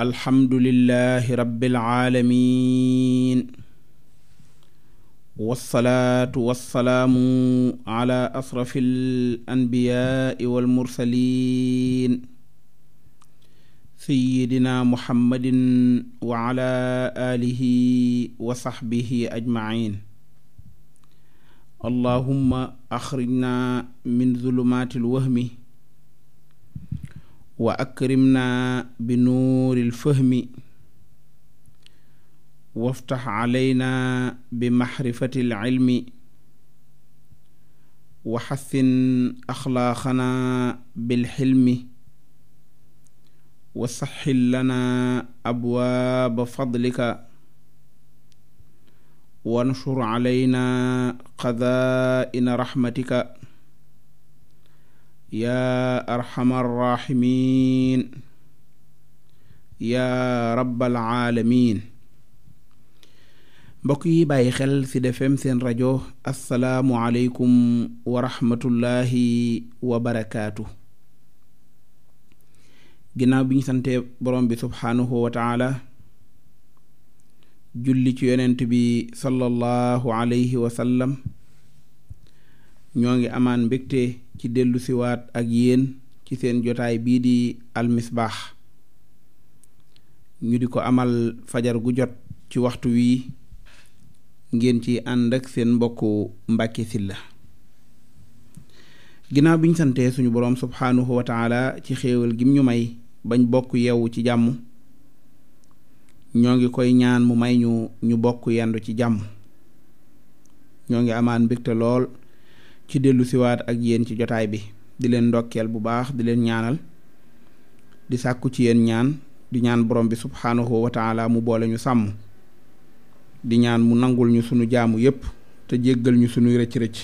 alhamdulillahi rabbil aalamiin wassalaatu wassalaamu ala asrafil anbiyaai wal mursaliin sayyidina muhammadin wa ala aalihi wa saxbihi ajmaciin allahumma axrijna min zulumaatil wahmi wa akrimna bi nuuril fahmi waftax calayna bi maxrifati alcilmi wa xassin axlaaqana bilxilmi wa saxxil lana abwaaba fadlika wa nsur calayna qadaa'ina raxmatika yaa arxama arraximin yaa rabbal aalamiin mbokk yi bàyyi xel ci Sud seen rajo asalaamualeykum wa rahmatullahi wa barakaatu ginnaaw bi ñu santee borom bi subhaanahu wa julli ci yonent bi sallallahu alayhi wa sallam ñoo ngi amaan mbégte ci dellusiwaat ak yéen ci seen jotaay bii di almisbaax ñu di ko amal fajar gu jot ci waxtu wii ngeen ci ànd ak seen mbokku Mbàkke Sylla ginnaaw biñ santee suñu boroom subhaanahu wa ci xéewal gim ñu may bañ bokk yewu ci jàmm ñoo ngi koy ñaan mu may ñu ñu bokk yendu ci jàmm ñoo ngi amaan mbégte lool ci dellu ak yéen ci jotaay bi di leen ndokkeel bu baax di leen ñaanal di sàkku ci yéen ñaan di ñaan borom bi subhaanahu wa taala mu boole ñu sàmm di ñaan mu nangul ñu sunu jaamu yépp te jéggal ñu sunuy rëcc-rëcc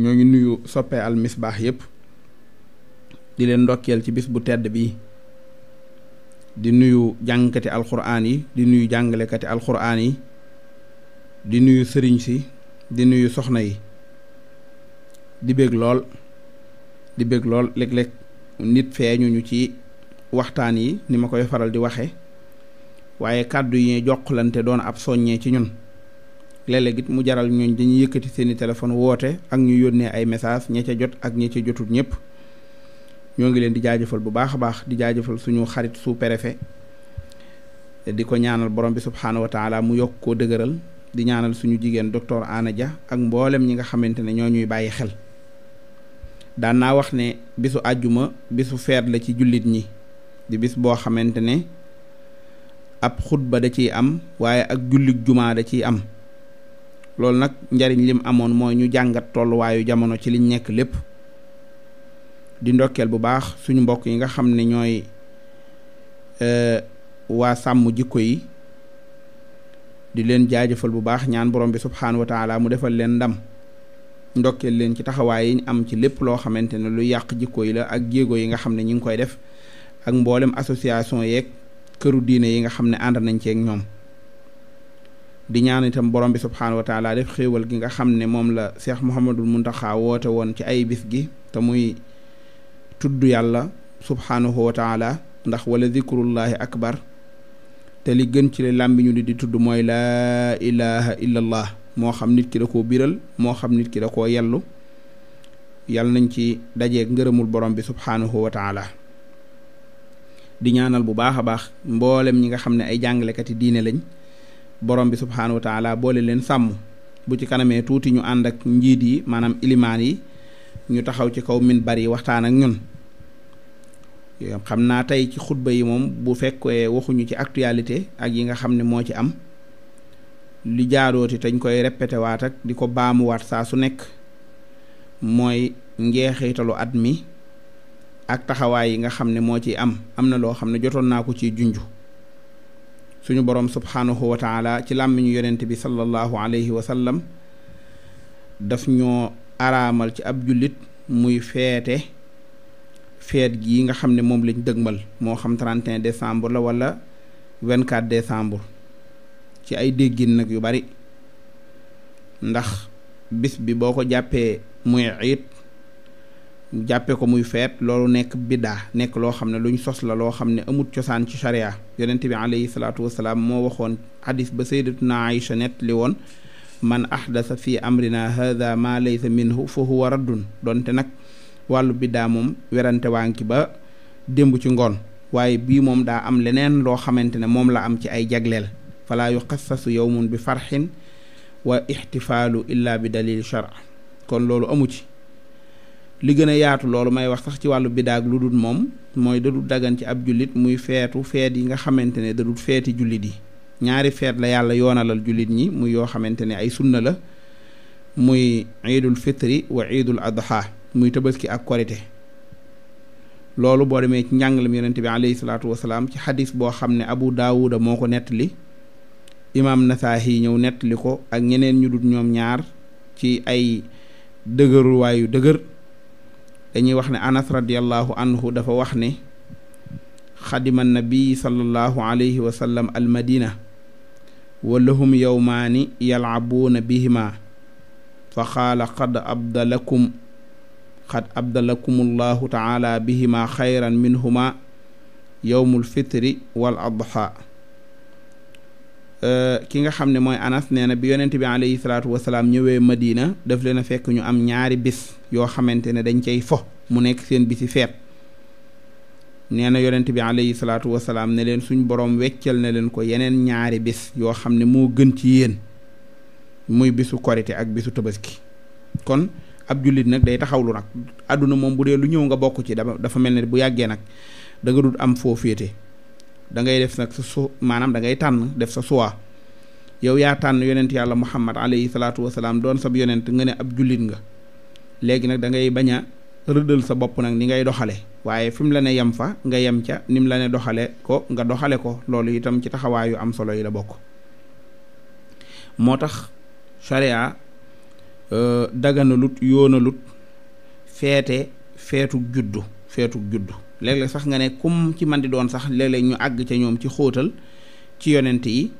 ñoo ngi nuyu soppe al misbaax yépp di leen ndokkeel ci bis bu tedd bii di nuyu jàngkati alxuraan yi di nuyu jàngalekati alxuraan yi di nuyu sëriñ si di nuyu soxna yi di bég lool di bég lool léeg-léeg nit feeñu ñu ci waxtaan yi ni ma koy faral di waxe waaye kàddu yi ñuy jokkalante doon ab soññee ci ñun léeg mu jaral ñooñ dañuy yëkkati seeni téléphone woote ak ñu yónnee ay message ña ca jot ak ña ca jotul ñëpp ñoo ngi leen di jaajëfal bu baax a baax di jaajëfal suñu xarit sous te di ko ñaanal borom bi subhaanahu wa taala mu yokk koo dëgëral di ñaanal suñu jigéen docteur Ana ja ak mboolem ñi nga xamante ne ñoo ñuy bàyyi xel daana wax ne bisu àjjuma bisu feet la ci jullit ñi di bis boo xamante ne ab xutba da ciy am waaye ak jullit jumaa da ciy am loolu nag njariñ lim amoon mooy ñu jàngat tolluwaayu jamono ci liñ nekk lépp di ndokkeel bu baax suñu mbokk yi nga xam ne ñooy e, waa sàmm jikko yi di leen jaajëfal bu baax ñaan borom bi subxanahu mu defal leen ndam. ndokkeel leen ci taxawaay yi am ci lépp loo xamante ne lu yàq jikko yi la ak jéego yi nga xam ne ñu ngi koy def ak mboolem association yeeg këru diine yi nga xam ne ànd nañ ceeg ñoom di ñaanitam borom bi subxanahu wa taala def xéewal gi nga xam ne moom la seex Muhammadul Muntaxa woote woon ci ay bis gi te muy tudd yàlla subxanahu wa taala ndax wala zikrullahi akbar te li gën ci làmbi ñu di di tudd mooy laa ilaha illallah. moo xam nit ki da ko biral moo xam nit ki da koo yellu yal nañ ci dajeeg ngërëmul borom bi subhaanahu wa di ñaanal bu baax a baax mboolem ñi nga xam ne ay jàngalekati diine lañ borom bi subhaanahu wa boole leen sàmm bu ci kanamee tuuti ñu ànd ak njiit yi maanaam ilimaan yi ñu taxaw ci kaw min bari waxtaan ak ñun xam naa tey ci xutba yi moom bu fekkee waxuñu ci actualité ak yi nga xam ne moo ci am li jaarooti tañ koy répété waat ak di ko baamuwaat saa su nekk mooy njeexitalu at mi ak taxawaay yi nga xam ne moo ci am am na loo xam ne jotoon naa ko ci junju suñu borom subhaanahu wa taala ci làmmiñu yonent bi sallallahu alayhi wa sallam daf ñoo araamal ci ab jullit muy feete feet gi nga xam ne moom lañ dëgmal moo xam 31 décembre la wala 24 décembre ci ay déggin nag yu bari ndax bis bi boo ko jàppee muy iit jàppee ko muy feet loolu nekk biddaa nekk loo xam ne luñ sos la loo xam ne amut cosaan ci sharia yonent bi alayhi salaatu wasalaam moo waxoon xadis ba sayyidatuna Aïcha nett li woon man ahdasa fi amrina hadha ma laysa minhu fa huwa raddun donte nag wàllu biddaa moom werante waanki ba démb ci ngoon waaye bii moom daa am leneen loo xamante ne moom la am ci ay jagleel falaa yow yowmun bi farxin wa ixtifaalu illa bi dalil shar kon loolu amu ci li gën a yaatu loolu may wax sax ci wàllu bidaag lu dul moom mooy dadul dagan ci ab jullit muy feetu feet yi nga xamante ne dadul feeti jullit yi ñaari feet la yàlla yoonalal jullit ñi muy yoo xamante ne ay sunna la muy iidul fitri wa iidul adha muy tabaski ak korite loolu boo demee ci njàngalam yonente bi alayhi salaatu wasalaam ci xadis boo xam ne abu daawuda moo ko nettali imaam Nasaahi ñëw nettali ko ak ñeneen ñu dut ñoom ñaar ci ay dëgëruwaayu dëgër dañuy wax ne Anas radiallahu anhu dafa wax ne xadima nabi sallallahu alayhi wa sallam al madina wa lahum yowmaani yalcabuuna bihima fa qaala qad abdalakum allahu taala bihima xayran minhuma yowmul fitri wal adha Euh, ki nga xam ne mooy anas nee na bi yonent bi alayhi salaatu wasalaam ñëwee madina def leen a fekk ñu am ñaari bis yoo xamante ne dañ cey fo mu nekk seen bisi feet nee na yonent bi alayhi salaatu wasalaam ne leen suñ borom wecceel na leen ko yeneen ñaari bis yoo xam ne moo gën ci yéen muy bisu korite ak bisu tabaski kon ab jullit nag day taxawlu nag àdduna moom bu dee lu ñëw nga bokk ci dafa mel ne bu yàggee nag da nga am foo dangay def nag sa su maanaam da ngay tànn def sa suwaa yow yaa tànn yonent yàlla muhammad alayhi salaatu wasalaam doon sab yonent nga ne ab jullit nga léegi nag da ngay bañ a rëddal sa bopp nag ni ngay doxale waaye fi mu la ne yem fa nga yem ca ni mu la ne doxale ko nga doxale ko loolu itam ci taxawaayu am solo yi la bokk moo tax sharia euh, daganalut yoonalut feete feetuk juddu feetuk juddu léeg-léeg sax nga ne kum ci man di doon sax léeg-léeg ñu àgg ca ñoom ci xóotal ci yonent yi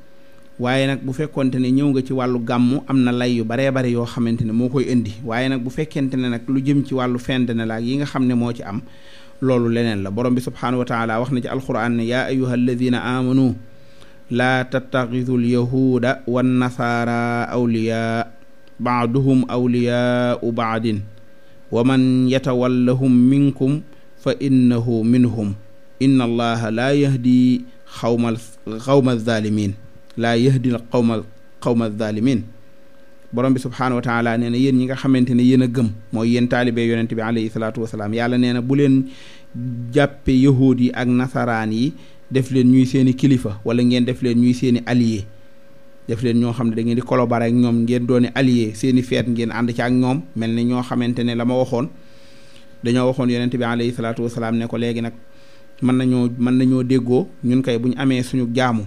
waaye nag bu fekkonte ne ñëw nga ci wàllu gàmmu am na lay yu baree bari yoo xamante ne moo koy indi waaye nag bu fekkente ne nag lu jëm ci wàllu fend ne la yi nga xam ne moo ci am loolu leneen la borom bi subhaanahu wa taala wax na ci alquran ne yaa ayuha alladina amanu laa tattaxidu alyahuuda wannasaara awliyaa baaduhum awliyaau baadin wa man yatawallahum minkum fa innahu minhum inna allaha laa yahdi xawma xawma zaalimin laa yahdi xawma xawma zaalimin borom bi subhaanahu wa taala nee na yéen ñi nga xamante ne yéen a gëm mooy yéen taalibee yonent bi alayhi salaatu wasalaam yàlla nee na bu leen jàppe yahuud yi ak nasaraan yi def leen ñuy seeni kilifa wala ngeen def leen ñuy seeni allié def leen ñoo xam ne da ngeen di collaborer ak ñoom ngeen doone allié seeni feet ngeen ànd ci ak ñoom mel ne ñoo xamante ne la ma waxoon dañoo waxoon yonent bi alayhi salaatu wasalaam ne ko léegi nag mën nañoo mën nañoo déggoo ñun kay bu ñu amee suñu jaamu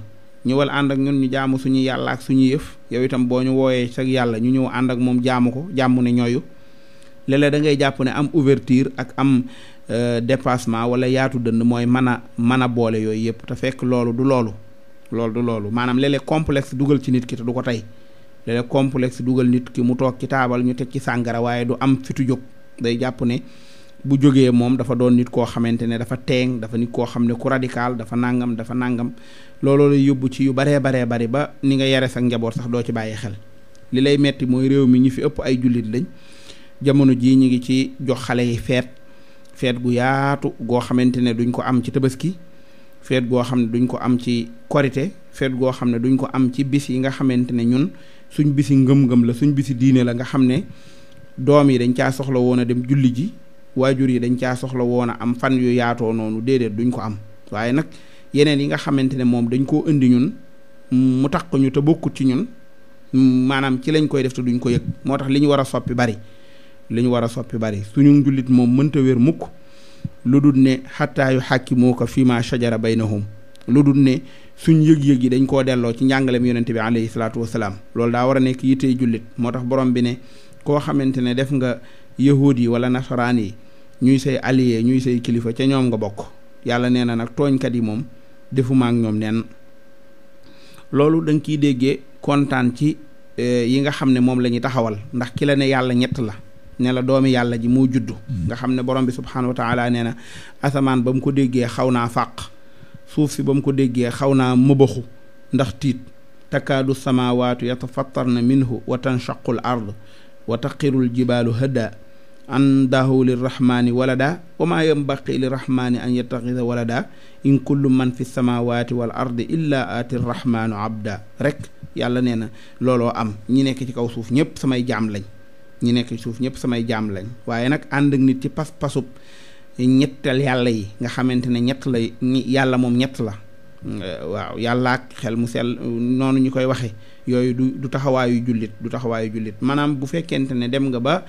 ñëwal ànd ak ñun ñu jaamu suñu yàlla ak suñu yëf yow itam boo ñu wooyee sag yàlla ñu ñëw ànd ak moom jaamu ko jàmm ne ñooyu léeg-léeg da ngay jàpp ne am ouverture ak am euh, depassement wala yaatu dënn mooy mën a mën a boole yooyu yëpp te fekk loolu du loolu loolu du loolu maanaam léeg-léeg complexe dugal ci nit ki te du ko tey léeg-léeg complexe dugal nit ki mu toog ci taabal ñu teg ci sàngara waaye du am fitu jóg day jàpp ne bu jógee moom dafa doon nit koo xamante ne dafa teeng dafa nit koo xam ne ku radikaal dafa nangam dafa nàngam looloo lay yóbbu ci yu baree baree bari ba ni nga yare sa njaboot sax doo ci bàyyi xel li lay metti mooy réew mi ñu fi ëpp ay jullit lañ jamono jii ñu ngi ci jox xale yi feet feet gu yaatu goo xamante ne duñ ko am ci tabaski feet goo xam ne duñ ko am ci korite feet goo xam ne duñ ko am ci bis yi nga xamante ne ñun suñ bisi ngëm-ngëm la suñ bisi diine la nga xam ne doom yi dañ caa soxla woon a dem julli ji waajur yi dañ caa soxla woon a am fan yu yaatoo noonu déedéet duñ ko am waaye nag yeneen yi nga xamante ne moom dañ koo indi ñun mu tax ko ñu te bokkut ci ñun maanaam ci lañ koy def te duñ ko yëg moo tax li ñu war a soppi bari li ñu war a soppi bari suñu njullit moom mënta wér mukk lu dul ne xattaa yu xàkki moo ko fii ma shajara baynahum lu dul ne suñ yëg-yëg yi dañ koo delloo ci njàngaleem yonente bi alayhi salaatu wasalaam loolu daa war a nekk yittey jullit moo tax borom bi ne koo xamante ne def nga yahud yi wala nasaraan yi ñuy say allié ñuy say kilifa ca ñoom nga bokk yàlla nee na nag tooñkat yi moom defuma ak ñoom nenn loolu da nga déggee kontaan ci eh, yi nga xam ne moom la ñuy taxawal ndax ki la ne yàlla ñett la ne la doomi yàlla ji moo juddu mm. nga xam ne borom bi subhaanahu wa taala nee na asamaan ba mu ko déggee xaw naa fàq suuf si ba mu ko déggee xaw naa mëbaxu ndax tiit takkaadu takaadu samaawaatu yatafattarna minhu wa tanshaqul ard wa taqirul jibaalu hëdda andahu lirrahmani walada wa maa yambaqi lirrahmani an yattaxida walada in kul man fi samawati wal ardi illa aati rrahmanu abda rek yàlla nee na looloo am ñi nekk ci kaw suuf ñëpp samay jaam lañ ñi nekk ci suuf ñëpp samay jaam lañ waaye nag ànd ak nit ci pas-pasub ñettal yàlla yi nga xamante ne ñett la yàlla moom ñett la waaw yàlla xel mu sel noonu ñu koy waxe yooyu du du taxawaayu jullit du taxawaayu jullit maanaam bu fekkente ne dem nga ba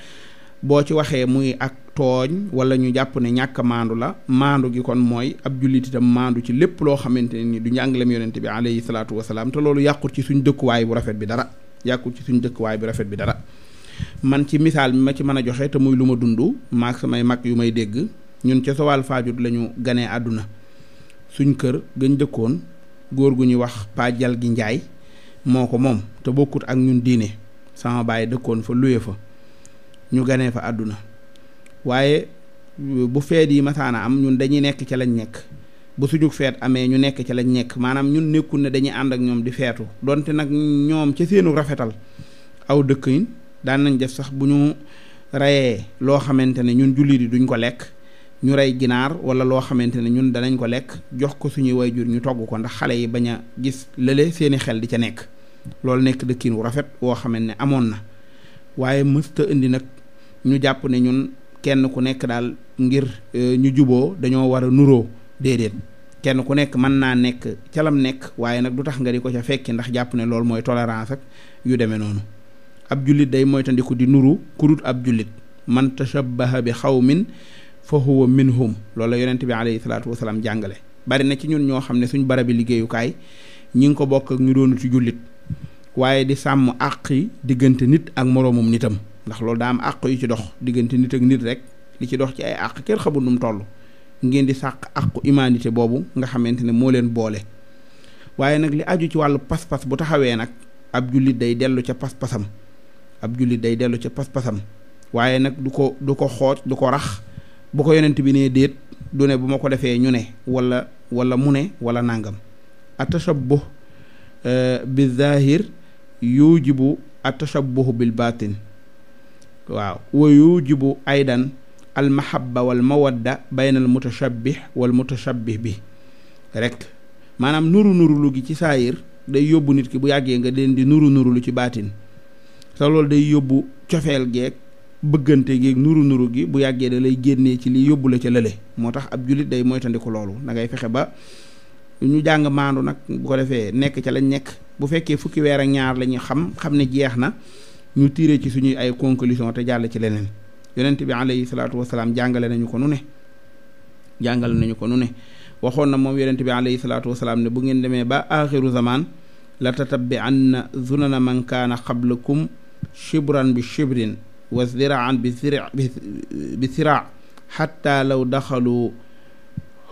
boo ci waxee muy ak tooñ wala ñu jàpp ne ñàkk maandu la maandu gi kon mooy ab jullit itam maandu ci lépp loo xamante ne ni du njàngaleem yonent bi alayhi salaatu wasalaam te loolu yàqut ci suñ dëkkuwaay bu rafet bi dara yàqut ci suñ dëkkuwaay bu rafet bi dara man ci misaal mi ma ci mën a joxe te muy lu ma dund maak samay mag yu may dégg ñun ca Sowal Fadiouth la ñu ganee àdduna suñ kër gën dëkkoon góor gu ñuy wax Pa gi Njaay moo ko moom te bokkut ak ñun diine sama baay dëkkoon fa luye fa ñu gane fa àdduna waaye euh, bu feet yi masaana am ñun dañuy nekk ca lañ nekk ba suñu feet amee ñu nekk ca lañ nekk maanaam ñun nekkul ne dañuy ànd ak ñoom di feetu donte nag ñoom ca seenu rafetal aw dëkk daan nañ def sax bu ñu reyee loo xamante ne ñun jullit yi duñ ko lekk ñu rey ginaar wala loo xamante ne ñun danañ ko lekk jox ko suñuy jur ñu togg ko ndax xale yi bañ a gis lële seeni xel di ca nekk loolu nekk dëkkin wu rafet woo xamante ne amoon na waaye mësta indi nag ñu jàpp ne ñun kenn ku nekk daal ngir e, ñu juboo dañoo war a nuroo déedéet kenn ku nekk mën naa nekk ca lam nekk waaye nag du tax nga di ko ca fekki ndax jàpp ne loolu mooy tolérance ak yu demee noonu ab jullit day moytandiku di nuru kurut ab jullit man tashabbaha bi xaw xawmin fa huwa minhum loolu la yonent bi alayhi salaatu wasalaam jàngale bari na ci ñun ñoo xam ne suñ barabi liggéeyukaay ñi ngi ko bokk ak ñu doonu ci jullit waaye di sàmm àqi diggante nit ak moroomum nitam ndax loolu daa am àq yu ci dox diggante nit ak nit rek li ci dox ci ay àq kenn xamul nu mu toll ngeen di sàq àqu humanité boobu nga xamante ne moo leen boole waaye nag li aju ci wàllu pas-pas bu taxawee nag ab jullit day dellu ca pas-pasam ab jullit day dellu ca pas-pasam waaye nag du ko du ko xooj du ko rax bu ko yonent bi nee déet du ne bu ma ko defee ñu ne wala wala mu ne wala nàngam atashabbuh eh, bi zahir yujibu atashabbuh bil batin waaw wa yujibu aydan al mahabba wal mawadda bayna al mutashabbih wal mutashabbih bi rek maanaam nuru nurulu gi ci saayir day yóbbu nit ki bu yàggee nga leen di nuru lu ci baatin te loolu day yóbbu cofeel geeg bëggante geeg nuru nuru gi bu yàggee da lay génnee ci lii yóbbu la ca lële moo tax ab jullit day moytandiku loolu dangay ngay fexe ba ñu jàng maandu nag bu ko defee nekk ca lañ nekk bu fekkee fukki weer ak ñaar la xam xam ne jeex na ñu tiire ci suñuy ay conclusion te jàll ci leneen yonent bi alayhi salaatu wasalaam jàngale nañu ko nu jàngale nañu ko nu waxoon na moom yonent bi alayhi salaatu wasalaam ne bu ngeen demee ba axiru zaman la tatabbi anna zunana man kaana qablakum shibran bi shibrin wa ziraan bi zir bi siraa xatta law daxalu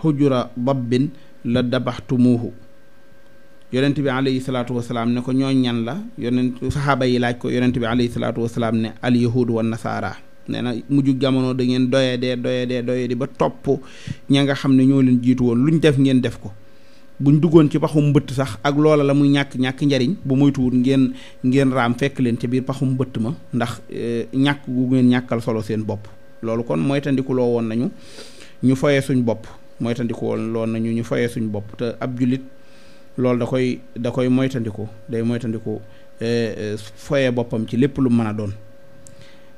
xujura dabbin la dabaxtumuuhu yonent bi alayhi salaatu wasalaam ne ko ñoo ñan la yonent saxaaba yi laaj ko yonent bi alayhi salaatu wasalaam ne al yahud wa nasaara nee na mujju jamono da ngeen doyadee doyadee doyadee ba topp ña nga xam ne ñoo leen jiitu woon ñu def ngeen def ko bu ñu duggoon ci paxum mbëtt sax ak loola la muy ñàkk ñàkk njariñ bu moytuwul ngeen ngeen raam fekk leen ci biir paxum mbëtt ma ndax eh, ñàkk gu ngeen ñàkkal solo seen bopp loolu kon moytandikuloo woon nañu ñu foye suñ bopp moytandiku woon nañu ñu foye suñ bopp ab jullit loolu da koy da koy moytandiku day moytandiku eh, eh, foye boppam ci lépp lu mën a doon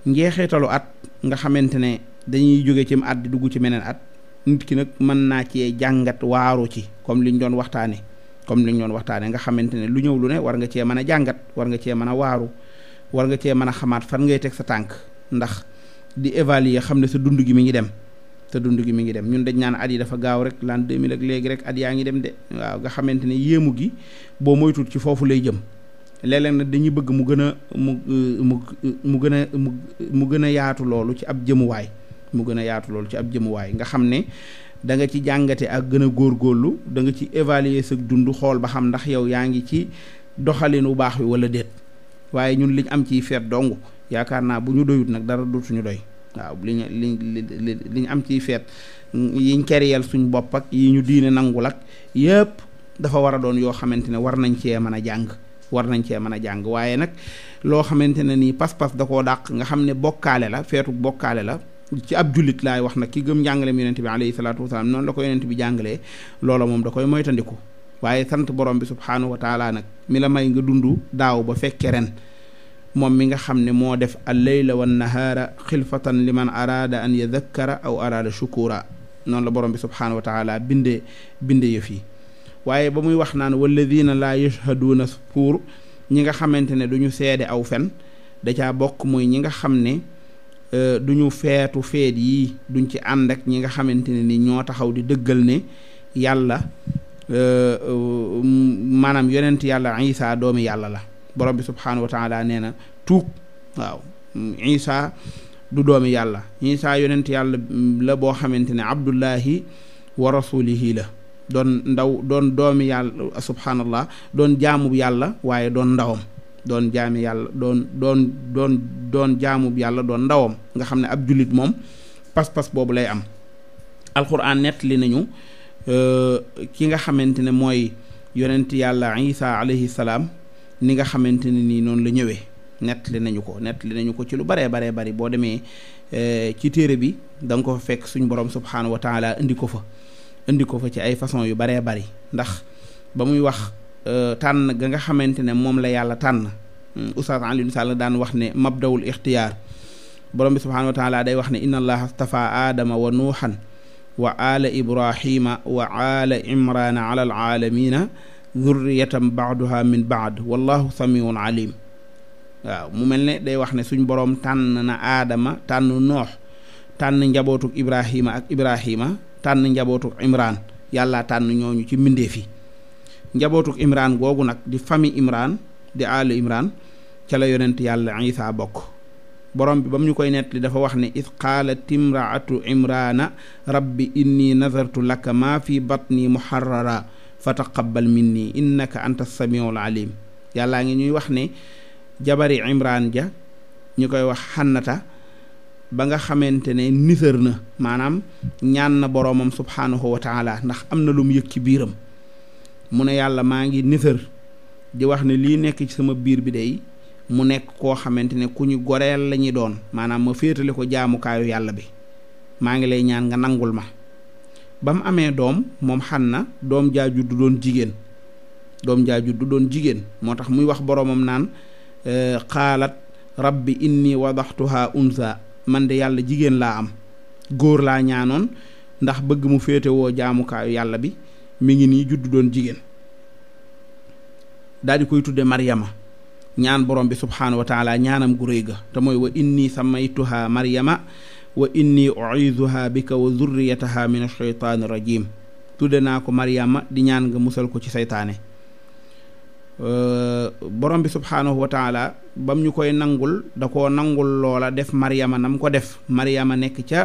njeexitalu at nga xamante ne dañuy jóge cim at di dugg ci meneen at nit ki nag mën naa cee jàngat waaru ci comme liñ doon waxtaane comme liñ doon waxtaane nga xamante ne lu ñëw lu ne war nga cee mën a jàngat war nga cee mën a waaru war nga cee mën a xamaat fan ngay teg sa tànk ndax di évaluer xam ne sa dund gi mi ngi dem te dund gi mi ngi dem ñun dañ naan at yi dafa gaaw rek l'an 2000 ak léegi rek at yaa ngi dem de waaw nga xamante ne yéemu gi boo moytul ci foofu lay jëm léeg-léeg nag dañuy bëgg mu gën a mu euh, mu mu gën a mu mu gën a yaatu loolu ci ab jëmuwaay mu gën a yaatu loolu ci ab jëmuwaay nga xam ne da nga ci jàngate ak gën a góorgóorlu da nga ci évaluer sa dund xool ba xam ndax yow yaa ngi ci doxalin wu baax wi wala déet waaye ñun liñ am ciy feet dong yaakaar naa bu ñu doyut nag dara dootuñu doy waaw li ñu li li li ñu am ciy feet yiñ keriyal suñ bopp ak yi ñu diine nangul ak yëpp dafa war a doon yoo xamante ne war nañ cee mën a jàng war nañ cee mën a jàng waaye nag loo xamante ne nii pas-pas da koo dàq nga xam ne bokkaale la feetu bokkaale la ci ab jullit laay wax nag ki gëm njàngaleem yonent bi alayhi salaatu wasalaam noonu la ko yonent bi jàngalee loola moom da koy moytandiku waaye sant borom bi subhaanahu wa taala nag mi la may nga dund daaw ba fekke ren moom mi nga xam ne moo def alleyla wa nahaara xilfatan liman araada an yadakkara aw araada shukura noonu la borom bi subhaanahu wa taala binde binde yëf yi waaye ba muy wax naan walladina laa yashhaduuna suur ñi nga xamante ne du ñu seede aw fen da caa bokk mooy ñi nga xam ne euh, du ñu feetu feet yi duñ ci ànd ak ñi nga xamante ne nii ñoo taxaw di dëggal ne yàlla euh, euh, maanaam yonent yàlla isa doomi yàlla la borom bi subhaanahu wa taala nee na tuub waaw isa du doomi yàlla isa yonent yàlla la boo xamante ne abdullahi wa rasulihi la doon ndaw doon doomi yàlla subhaanallah doon jaamub yàlla waaye doon ndawam doon jaami yàlla doon doon doon doon jaamub yàlla doon ndawam nga xam ne ab jullit moom pas-pas boobu lay am alquran nettali nañu euh, ki nga xamante ne mooy yonent yàlla isa alayhi salaam ni nga xamante ne nii noonu la ñëwee nettali nañu ko nettali nañu ko ci lu baree baree bari boo demee eh, ci téere bi da ko fa fekk suñu borom subhaanahu wa taala indi ko fa indi ko fa ci ay façon yu baree bari ndax ba muy wax eh, tànn ga nga xamante ne moom la yàlla tànn hmm, Oustaz Alioune Sall daan wax ne mabdawul ixtiyaar borom bi subhaanahu wa day wax ne inna allaha astafa aadama wa nuuxan wa ala ibrahima wa ala imrana ala alamina zurriyatan baaduha min baad wallahu samiun alim waaw mu mel ni day wax ne suñ boroom tànn na aadama tànn noox tànn njabootuk ibrahima ak ibrahima tànn njabootuk imran yàlla tànn ñooñu ci mbindeef yi njabootuk imran googu nag di fami imran di aalu imran ca la yonent yàlla isa bokk borom bi ba mu ñu koy nettali dafa wax ne id qaalat imraatu imraana rabbi inni nazartu laka fi batni muharrara fa taqabbal minni innaka anta samiul alim yàllaa ngi ñuy wax ne jabari imran ja ñu koy wax xànnata ba nga xamante ne nisër na maanaam ñaan na boromam subhaanahu wa taala ndax am na lu mu yëg ci biiram mu ne yàlla maa ngi nisër di wax ne lii nekk ci sama biir bi day mu nekk koo xamante ne ku ñu goreel la ñuy doon maanaam ma féetale ko jaamukaayu yàlla bi maa ngi lay ñaan nga nangul ma ba mu amee doom moom xan na doom jaa juddu doon jigéen doom jaa juddu doon jigéen moo tax muy wax boroomam naan eh, xaalat rabbi inni wadaxtuha unsa man de yàlla jigéen laa am góor laa ñaanoon ndax bëgg mu féetewoo jaamukaayu yàlla bi mu ngi nii juddu doon jigéen daal koy tudde Maryama ñaan borom bi subxanahu wa taala ñaanam gu rëy ga te mooy wa inni samaytuha Maryama. wa inni uizuha bika wa zurriyataha min asheytaani rajim tudde naa ko Mariama di ñaan nga musal ko ci seytaane euh, borom bi subhaanahu wa taala bam ñu koy nangul da ko nangul loola def Mariama nam ko def Mariama nekk ca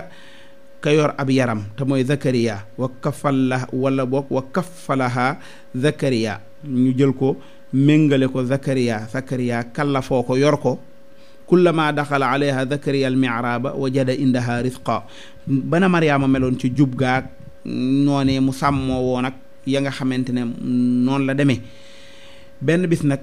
ka yor ab yaram te mooy Zakariya wa kafala wala boog wa kafalaha Zakariya ñu jël ko méngale ko Zakariya Zakariya kallafoo ko yor ko kullama daxala alayha zakariya al miraaba wajada indaha risqa bana mariama meloon ci jub gaag noonee mu sàmmoo woon ak ya nga xamante ne noonu la demee benn bis nag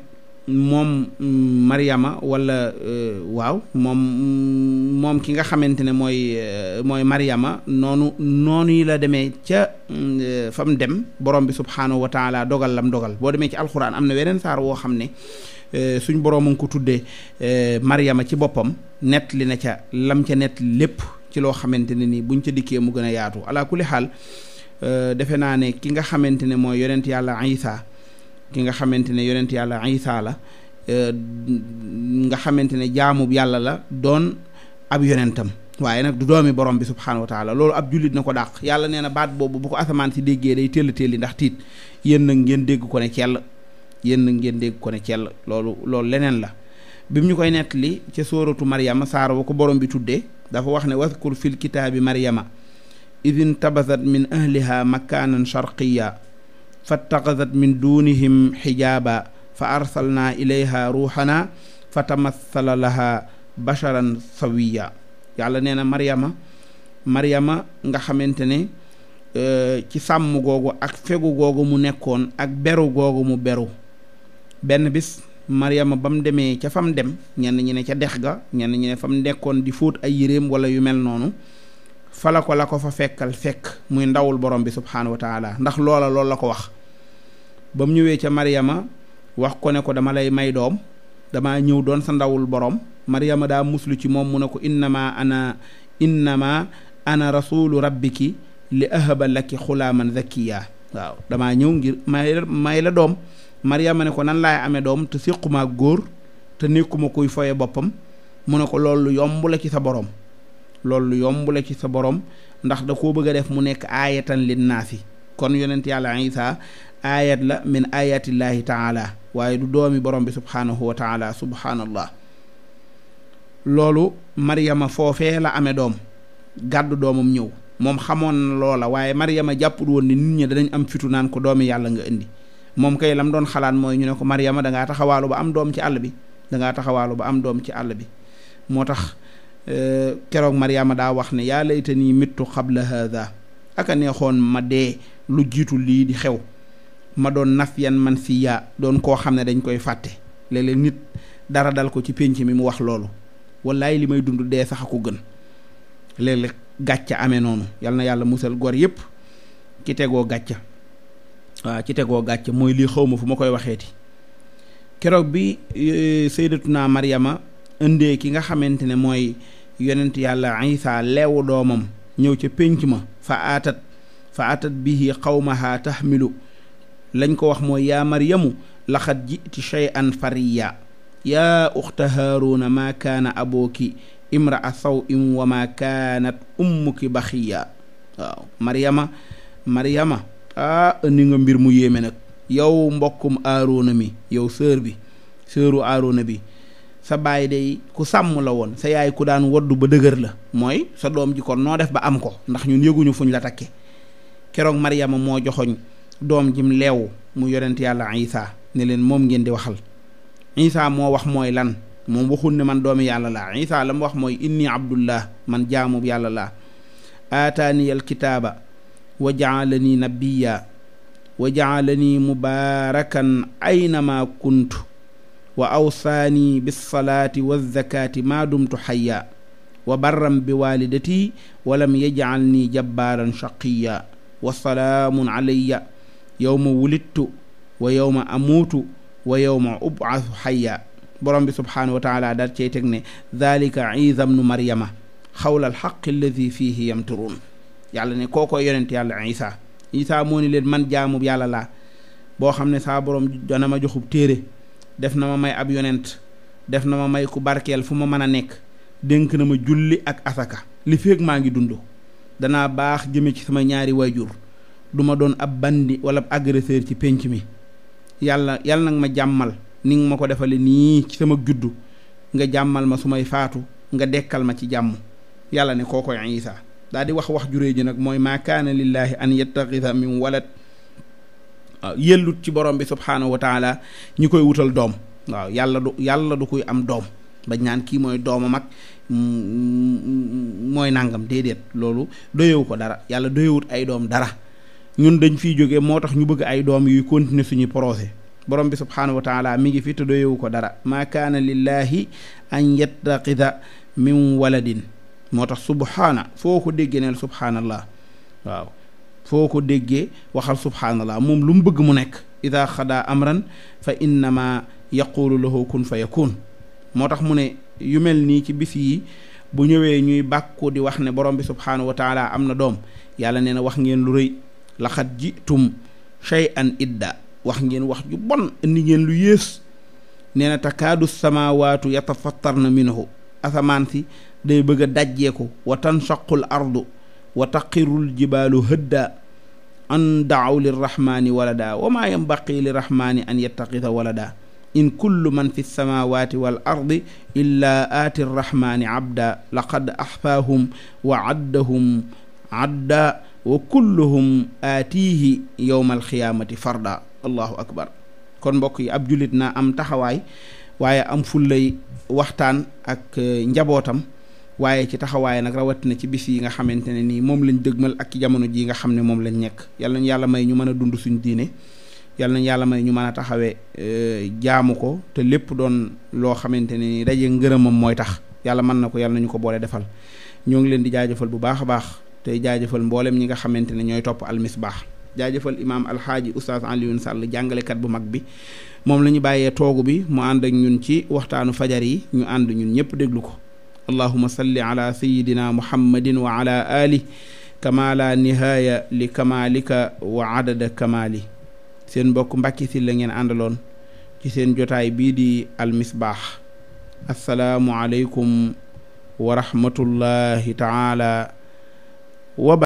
moom mm, mariama wala euh, waaw moom mm, moom ki nga xamante ne mooy euh, mooy mariama noonu noonu yi la demee ca mm, euh, fa dem borom bi subhaanahu wa taala dogal lam dogal boo demee ci alxuraan am na weneen saar woo xam ne Eh, suñ borom mu ngi ko tuddee eh, Mariama ci boppam nett li na ca lam ca nett lépp ci loo xamante ne nii buñ ca dikkee mu gën a yaatu alaa kulli xaal eh, defe naa ne ki nga xamante ne mooy yonent yàlla Isa ki nga xamante ne yonent yàlla Isa la nga xamante ne jaamu yàlla la doon ab yonentam waaye nag du doomi borom bi subxanahu wa taala loolu ab jullit na ko dàq yàlla nee na baat boobu bu ko asamaan si déggee day téll téll ndax tiit yéen nag ngeen dégg ko ne cell yéen ngeen dégg ko ne cell loolu lool leneen la bi mu ñu koy nettali ca sóoratu maryama saara wa ko borom bi tuddee dafa wax ne waskur fil kitaabi maryama idin tabasat min ahliha makaanan sharqiya fattaxasat min duunihim xijaaba fa arsalnaa ilayha ruuxana fa tamassala basharan sawiya yàlla nee na maryama maryama nga xamante ne euh, ci sàmm googu ak fegu googu mu nekkoon ak beru googu mu beru benn bis Mariama ba mu demee ca fam dem ñenn ñi ne ca dex ga ñenn ñi ne fa nekkoon di fóot ay yéreem wala yu mel noonu fala ko la ko fa fekkal fekk muy ndawul boroom bi subxanahu wa taala ndax loola loolu la ko wax ba mu ñëwee ca Mariama wax ko ne ko dama lay may doom damaa ñëw doon sa ndawul borom Mariama daa muslu ci moom mu ne ko innama ana innama ana rasulu rabbiki li ahaba laki xulaaman zakiya waaw damaa ñëw ngir may may la doom. Mariama ne ko nan laay amee doom te séquma góor te nekkuma kuy foye boppam mu ne ko loolu yomb la ci sa borom loolu yomb la ci sa borom ndax da koo bëgg a def mu nekk aayatan lin naasi kon yonent yàlla Isaa ayet la min aayatillaahi taala waaye du doomi borom bi subhaanahu wa taala subhaanallah loolu Mariama foofee la amee doom gàddu doomam ñëw moom xamoon na loola waaye Mariama jàppul woon ni nit ñi danañ am fitu naan ko doomi yàlla nga indi moom kay lam doon xalaat mooy ñu ne ko Mariama dangaa taxawaalu ba am doom ci àll bi dangaa taxawaalu ba am doom ci àll bi moo tax euh, keroog Mariama daa wax ne yaa layta nii mittu xabla haada aka neexoon ma dee lu jiitu lii di xew ma doon naf yan man si yaa doon koo xam ne dañ koy fàtte léeg nit dara dal ko ci pénc mi mu wax loolu wallaay li may dund dee sax a ko gën léeg gàcc gàcca amee noonu yal na yàlla musal gor yépp ki tegoo gàcca waa ci tegoo gàcce mooy lii xawma fu ma koy waxeeti keroog bi e, sayyidatuna Maryama indee ki nga xamante ne mooy yonent yàlla Isa leewu doomam ñëw ci pénc ma fa atat fa atat bihi qawmaha tahmilu lañ ko wax mooy yaa maryamu laxat jiti shay'an fariya yaa uxta haaruna maa kaana abooki imraa saw im wa maa kaanat ummuki baxiya waaw maryama maryama ah indi nga mbir mu yéeme nag yow mbokkum aaroona mi yow sœur bi sœuru aaroona bi sa baay day ku sàmm la woon sa yaay ku daan woddu ba dëgër la mooy sa doom ji kon noo def ba am ko ndax ñun yëguñu fuñ la takke keroog Maryama moo joxoñ doom jim leew mu yonent yàlla Isa ne leen moom ngeen di waxal Isa moo wax mooy lan moom waxul ne man doomi yàlla la Isa la mu wax mooy inni abdullah man jaamu yàlla la aataaniyal kitaaba wa jaalani nabiya wa jaalani mubaarakan aynama kuntu wa awsaani bilsalaati walzakaati maa dumtu xayya wa barram bi waalidati walam yajcal nii jabbaaran shaqiya wa salaamun calaya yowma wulittu wa yowma amuutu wa yowma ubcasu xayya borom bi subhaanahu wa taala daal cey teg ne dalika isa bnu maryama xawla alxaq alladi fiihi yamturuun yàlla ne kookoo yonent yàlla isa isaa moo ni leen man jaamu yàlla laa boo xam ne saa borom dana ma joxub téere def na ma may ab yonent def na ma may ku barkeel fu ma mën a nekk dénk na ma julli ak asaka li féeg maa ngi dund danaa baax jëme ci sama ñaari waajur du ma doon ab bandi wala ab agresseur ci pénc mi yàlla yàlla nag ma jàmmal ni nga ma ko defale nii ci sama juddu nga jàmmal ma su may faatu nga dekkal ma ci jàmm yàlla ne koo koy Isa daa di wax wax juree ji nag mooy maa kaana lillaahi an yattaxida min walad waaw yellut ci borom bi subhaanahu wa taala ñi koy wutal doom waaw yàlla du yàlla du koy am doom ba naan kii mooy dooma mag mm, mooy nangam déedéet loolu doyewu ko dara yàlla doyewut ay doom dara ñun dañ fii jóge moo tax ñu bëgg ay doom yuy continuer suñu projet borom bi subhaanahu wa taala mi ngi fi te doyewu ko dara maa kaana lillaahi an yattaxida min waladin moo tax subhaana foo ko déggee neel subhaanallah waaw foo ko déggee waxal subhaanallah moom lu mu bëgg mu nekk ida xadaa amran fa innama yaqulu lahu kun fa yakun moo tax mu ne yu mel nii ci bis yi bu ñëwee ñuy bàkku di wax ne borom bi subhaanahu wa taala am na doom yàlla nee na wax ngeen lu rëy laxat jitum shay'an idda wax ngeen wax ju bon indi ngeen lu yées nee na takaadu samawaatu yatafattarna minhu asamaan si day bëgg a dajjeeku wa tanshaqul ardu wa taqirul jibaalu hëdda an daaw lirrahmaani walada wa maa yambaqi lirrahmaani an yattaqida walada in kullu man fi lsamawati wal ardi illa aati rrahmaani abda laqad axfaahum wa addahum adda wa kulluhum aatiihi yowma alxiyaamati farda allahu akbar kon mbokk yi ab jullit naa am taxawaay waaye am fullay waxtaan ak eh, njabootam waaye ci taxawaaye nag rawat na ci bis yi nga xamante ne nii moom lañ dëgmal ak jamono jii nga xam ne moom lañu nekk yal nañ yàlla may ñu mën a dund suñu diine yal nañ yàlla may ñu mën a taxawee jaamu ko te lépp doon loo xamante ne nii daje ngërëmam mooy tax yàlla mën na ko yal nañu ko boole defal ñoo ngi leen di jaajëfal bu baax a baax te jaajëfal mbooleem ñi nga xamante ne ñooy topp baax jaajëfal imaam alxaaji oustaz Alioune Sall jàngalekat bu mag bi moom la ñu bàyyee toogu bi mu ànd ak ñun ci waxtaanu fajar yi ñu ànd ñëpp déglu ko allahuma salli ala sayidina muhammadin wa ala ali kama la nihaaya wa adada kamali seen mbokk Mbàkke Sylla la ngeen àndaloon ci seen jotaay bii di almisbaax asalaamualeykum wa rahmatullahi taala wa